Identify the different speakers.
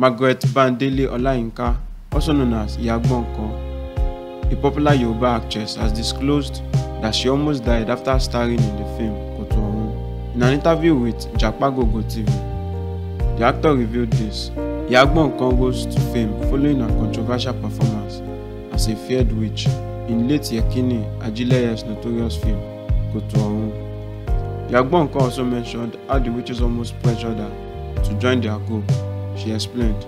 Speaker 1: Margaret Bandele Olayinka, also known as Yagbonko, a popular Yoruba actress, has disclosed that she almost died after starring in the film Koto In an interview with Japagogo TV, the actor revealed this. Yagbonko Gbonkan rose to fame following her controversial performance as a feared witch in late Yekini Ajileye's notorious film Koto Yagbonko also mentioned how the witches almost pressured her to join their group she explained.